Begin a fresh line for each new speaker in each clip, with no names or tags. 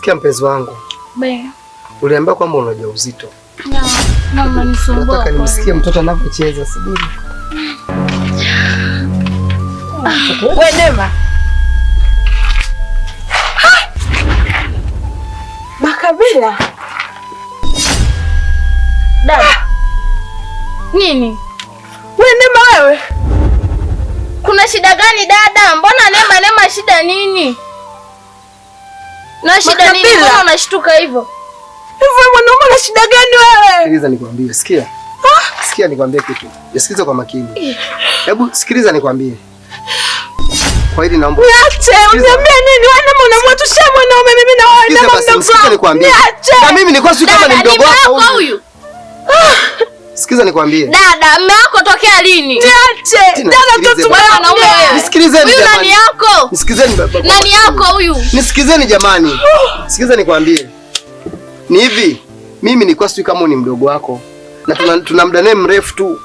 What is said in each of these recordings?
Sikia mpenzi wangu, Uliambia kwamba una ujauzito.
Nataka
nimsikie mtoto anavyocheza sibili.
Ah, wewe Neema. Makabila. Da. Nini? Wewe Neema wewe.
Kuna shida gani dada? Mbona Neema Neema shida nini? Na shida nini? Mbona unashtuka hivyo?
Hivyo mwanaume ana shida gani wewe?
Sikiliza nikwambie, sikia. Ha? Sikia nikwambie kitu. Nisikilize kwa makini. Eh. Hebu sikiliza nikwambie. Kwa hili naomba.
Niache, uniambie nini? Wewe unaona mwanamwatu sha mwanaume mimi na wewe na mdogo wako. Niache.
Na mimi nilikuwa si kama ni mdogo wako. Sikiza nikwambie.
Dada, mume wako tokea lini?
Niache. Dada mtoto na
wanaume wewe. Nisikilizeni
jamani. nani yako?
Nisikilizeni baba.
Nani yako huyu?
Nisikilizeni jamani. Sikiza nikwambie. Ni hivi, mimi nilikuwa sijui kama ni mdogo wako na tuna, tuna muda naye mrefu tu.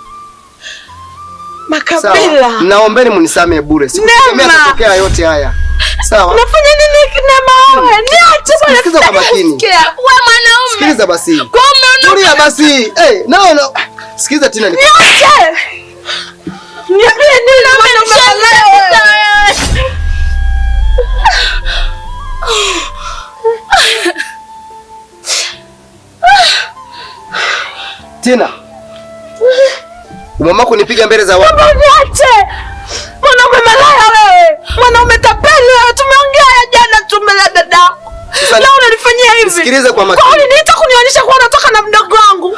Makabila.
Naombeni mnisamee bure. Sikutegemea kutokea yote haya. Sawa. Unafanya
nini kina mawe? Hmm. Niache
bwana. Sikiza kwa makini. Wewe mwanaume. Sikiliza basi. Kwa umeona. Tulia basi. Eh, hey, naona. Sikiza tena ni Tina, umama kunipiga mbele za watu.
Niache. Mwanaume malaya wewe. Mwanaume tapeli wewe. Tumeongea ya jana tumelala dada. Sasa leo unanifanyia hivi.
Sikiliza kwa makini. Kwa
nini unataka kunionyesha kuwa unatoka na mdogo wangu?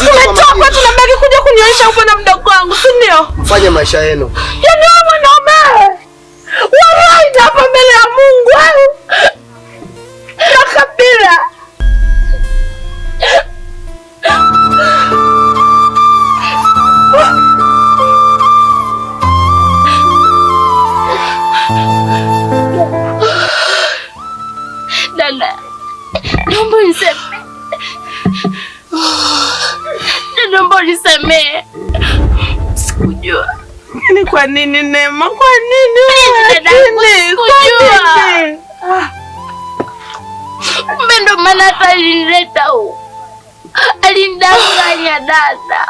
Sisi tumetoka tunabaki kuja kunyoesha upo na mdogo wangu, si ndio?
Mfanye maisha yenu.
Yaani wewe mwanaume. Wewe hapa mbele ya Mungu. na Nakabila. Kwa nini Neema? Kwa nini?
Kumbe ndo maana hata alinileta huko, alinidanganya dada.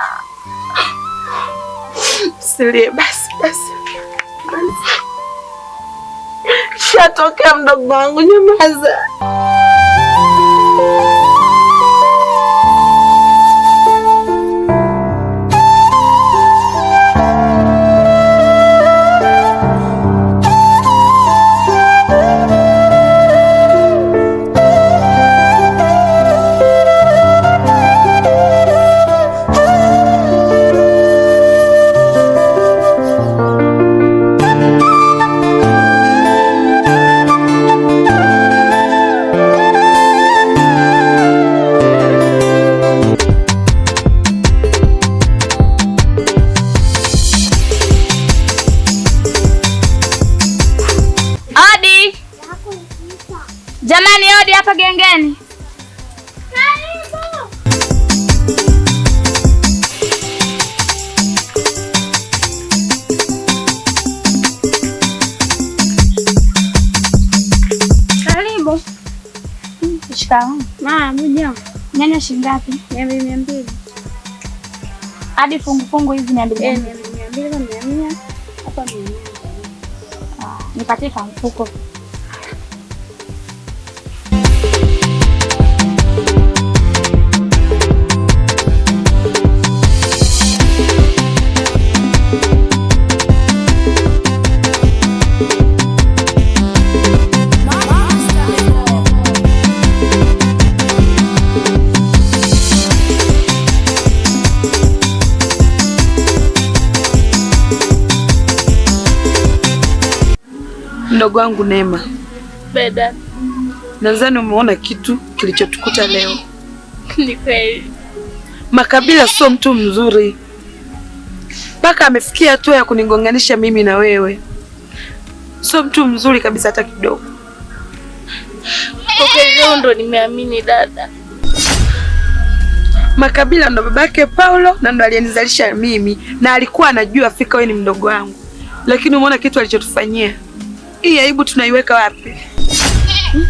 Msilie basi, basi shatokea mdogo wangu, nyamaza.
Sawa
mama. Mjomba,
nyanya shilingi ngapi?
mia mbili mia mbili
hadi fungufungu hizi mia mbili
eh, mia mbili mia mia hapa mia mia
ah, nipatie kamfuko
mdogo wangu Neema, Beda, nadhani umeona kitu kilichotukuta leo.
Ni kweli
Makabila sio mtu mzuri, mpaka amefikia hatua ya kunigonganisha mimi na wewe. Sio mtu mzuri kabisa hata kidogo.
Okay, leo ndo nimeamini dada.
Makabila ndo babake Paulo na ndo aliyenizalisha mimi, na alikuwa anajua fika wewe ni mdogo wangu, lakini umeona kitu alichotufanyia. Hii aibu tunaiweka wapi? Hmm?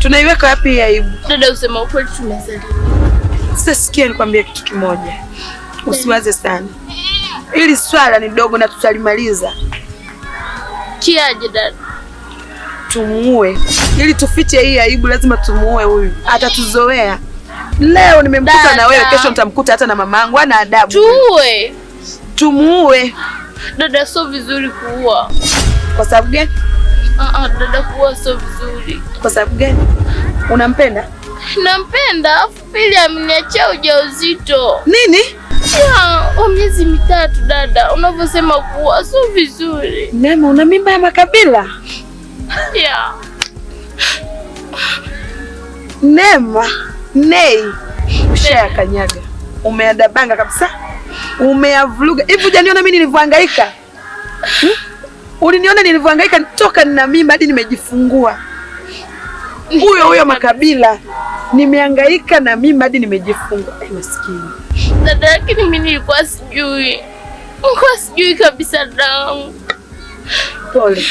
Tunaiweka wapi hii aibu?
Dada, usema ukweli tumezaliwa.
Sasa sikia nikwambie kitu kimoja. Usiwaze sana. Hili swala ni dogo na tutalimaliza.
Kiaje dada?
Tumuue. Ili tufiche hii aibu lazima tumuue huyu. Atatuzoea. Leo nimemkuta na wewe, kesho nitamkuta hata na mamangu. Ana adabu.
Tuue.
Tumuue.
Dada, sio vizuri kuua. Kwa sababu gani? Ah, ah, dada kuwa sio vizuri.
Kwa sababu gani? Unampenda?
Nampenda, afu pili ameniachia ujauzito. Nini? Wa miezi mitatu dada, unavyosema kuwa sio vizuri.
Neema, una mimba ya makabila? Yeah. Neema, nei. Ushaya kanyaga. Umeadabanga kabisa. Umeavuruga. Hivi hujaniona mimi nilivyohangaika? Hmm? Uliniona nilivyohangaika nitoka na mimba hadi nimejifungua. Huyo huyo Makabila, nimehangaika na mimba hadi nimejifungua. Ai, maskini
dada yake. Mimi nilikuwa sijui, nilikuwa sijui kabisa damu.
Pole,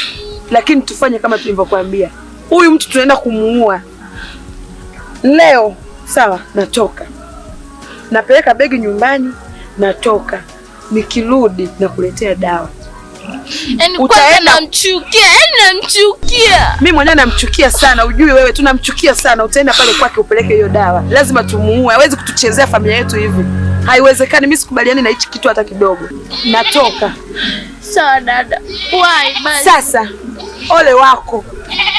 lakini tufanye kama tulivyokuambia. Huyu mtu tunaenda kumuua leo. Sawa, natoka napeleka begi nyumbani, natoka nikirudi na kuletea dawa
mimi yaani
mwenyewe namchukia sana, ujui wewe, tunamchukia sana. Utaenda pale kwake upeleke hiyo dawa, lazima tumuue. Hawezi kutuchezea familia yetu hivi, haiwezekani. Mimi sikubaliani na hichi kitu hata kidogo. Natoka
sawa, dada.
Sasa ole wako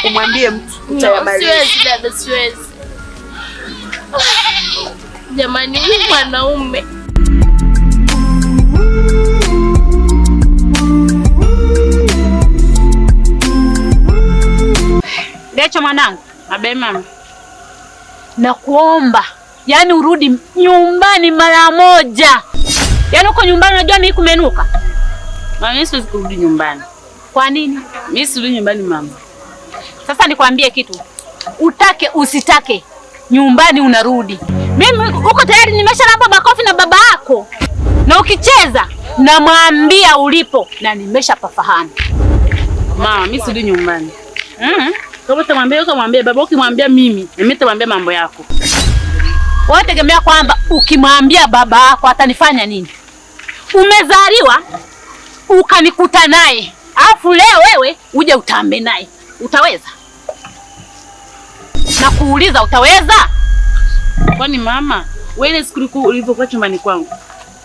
umwambie mtu utayamaliza.
Siwezi dada, siwezi. Jamani, mwanaume
Decho mwanangu, abe mama, nakuomba yaani urudi nyumbani mara moja. Yaani uko nyumbani, unajua mimi kumenuka.
Mama, mimi siwezi kurudi nyumbani. Kwa nini? Mimi sirudi nyumbani mama.
Sasa nikwambie kitu, utake usitake, nyumbani unarudi. Mimi uko tayari, nimesharamba makofi na baba yako, na ukicheza namwambia ulipo, na nimeshapafahamu
mama, mimi sirudi nyumbani
mm -hmm. Kama utamwambia ukamwambia baba, ukimwambia mimi mimi nitamwambia mambo yako. Wewe tegemea kwamba ukimwambia baba yako atanifanya nini? Umezaliwa ukanikuta naye, alafu leo wewe uje utambe naye, utaweza? Na kuuliza utaweza?
Kwani mama wewe, siku ulivyokuwa chumbani kwangu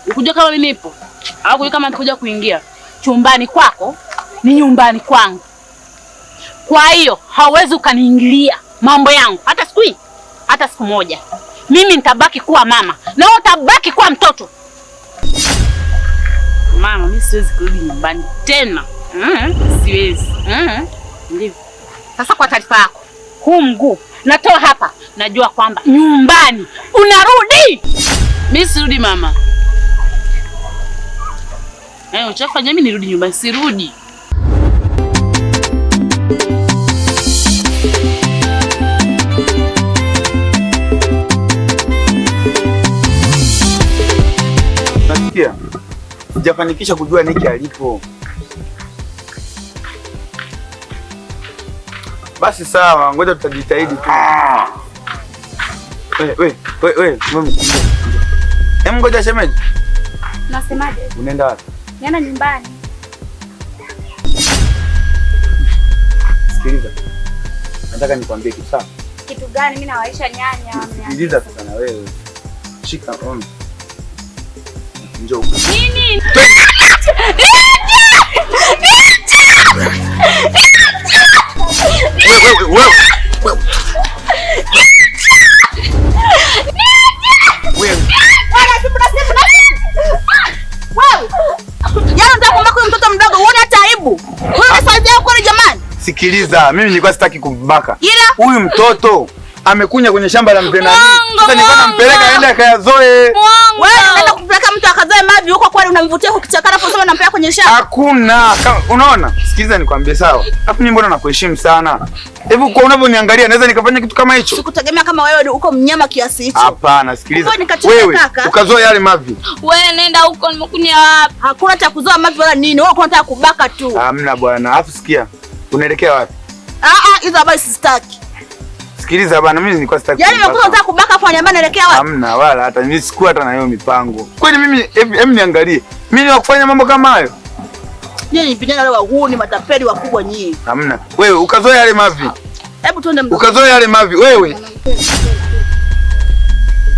ukujua kama mimi nipo au kujua kama nikuja kuingia
chumbani kwako? Ni nyumbani kwangu kwa hiyo hauwezi ukaniingilia mambo yangu hata siku hii, hata siku moja. Mimi nitabaki kuwa mama na wewe utabaki kuwa mtoto.
Mama, mimi siwezi kurudi nyumbani tena. Mm, siwezi. Mm, ndivyo.
Sasa kwa taarifa yako, huu mguu natoa hapa, najua kwamba nyumbani unarudi.
Mimi sirudi mama. Eh, uchafanya mimi nirudi nyumbani? Sirudi.
Sijafanikisha kujua Niki alipo. Basi sawa, ngoja tutajitahidi tu. Wewe ah. wewe wewe wewe. Em, ngoja shemeji. Unasemaje? Unaenda wapi?
Nenda nyumbani.
Sikiliza. Nataka nikwambie kitu sawa.
Kitu gani? Mimi nawaisha nyanya.
Sikiliza sana wewe. Shika on njoo.
Nini?
Sikiliza, mimi nilikuwa sitaki kumbaka huyu mtoto amekunya kwenye shamba la mzee nani. Sasa nilikuwa nampeleka aende akayazoe. Wewe
unaenda kupeleka mtu akazoe mavi huko kweli unamvutia huko kichakara kwa sababu nampeleka kwenye shamba.
Hakuna. Unaona? Sikiliza nikwambie sawa. Alafu mimi mbona nakuheshimu sana? Hebu kwa unavyoniangalia naweza nikafanya kitu kama hicho?
Sikutegemea kama wewe uko mnyama kiasi hicho.
Hapana, sikiliza. Wewe ukazoe yale mavi.
Wewe nenda huko nimekunya wapi?
Hakuna cha kuzoa mavi wala nini. Wewe unataka kubaka tu.
Hamna bwana. Alafu sikia. Unaelekea wapi?
Ah ah, hizo habari sizitaki.
Sikiliza bana, mimi nilikuwa sitaki.
Yaani nimekuwa nataka kubaka afu nyambani naelekea wapi?
Hamna wala hata mimi sikuwa hata na hiyo mipango. Kwani mimi hem niangalie. Mimi ni niwakufanya mambo kama hayo.
Nyinyi ni vijana leo huu ni matapeli wakubwa nyinyi.
Hamna. Wewe ukazoea yale mavi. Hebu twende mdogo. Ukazoea yale mavi wewe.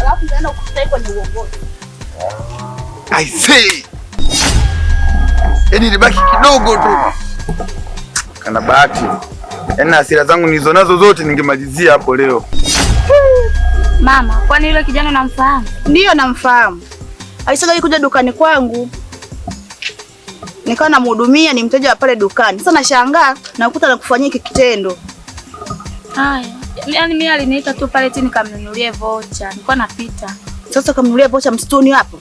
Alafu tena ukusitai kwa uongozi.
I see. Yaani libaki kidogo tu. Kana bahati. Yaani hasira zangu nilizo nazo zote ningemalizia hapo leo.
Mama, kwani yule kijana unamfahamu?
Ndiyo, namfahamu. Alishawahi kuja dukani kwangu nikawa namhudumia, ni mteja wa pale dukani. Sasa nashangaa nakuta nakufanyia hiki kitendo.
Haya, yaani mimi aliniita tu pale tini nikamnunulie vocha, nilikuwa napita.
Sasa ukamnunulia vocha msituni hapo?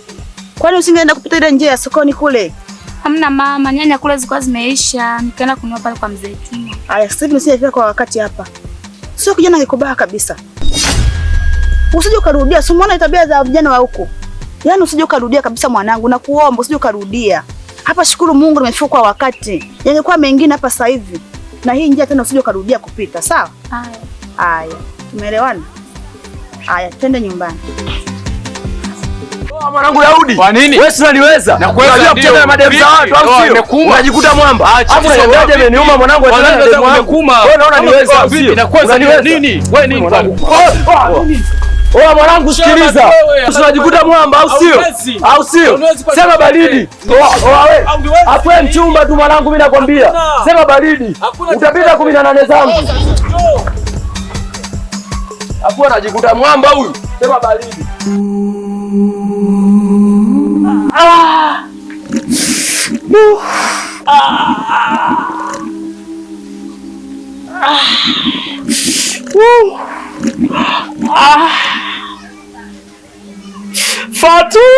Kwani usingeenda kupita ile njia ya sokoni kule?
Hamna mama, nyanya kule zilikuwa zimeisha, nikaenda kununua pale kwa mzee Juma.
Aya, sasa hivi nisije kwa wakati hapa. Sio kijana kikobaa kabisa. Usije ukarudia, si umeona tabia za vijana wa huku. Yaani usije ukarudia kabisa mwanangu, nakuomba usije ukarudia. Hapa shukuru Mungu nimefika kwa wakati. Yangekuwa mengine hapa sasa hivi. Na hii njia tena usije ukarudia kupita, sawa? Aya. Aya. Umeelewana? Aya, twende nyumbani
mwanangu Daudi. Kwa nini? Wewe si unaniweza. Unajua kutembea mademu za watu au sio? Unajikuta mwamba. Alafu unaniaje umeniuma mwanangu wewe unaona niweza au sio? Inakuwa nini? Wewe nini Oh, mwanangu sikiliza. Usijikuta mwamba au sio? Au sio? Sema baridi. Oa wewe. Hapo mchumba tu mwanangu mimi nakwambia. Sema baridi. Utapita 18 zangu. Hapo anajikuta mwamba huyu. Sema baridi. Ah! Uh! Ah! Uh! Ah! Fatu!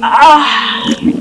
Ah!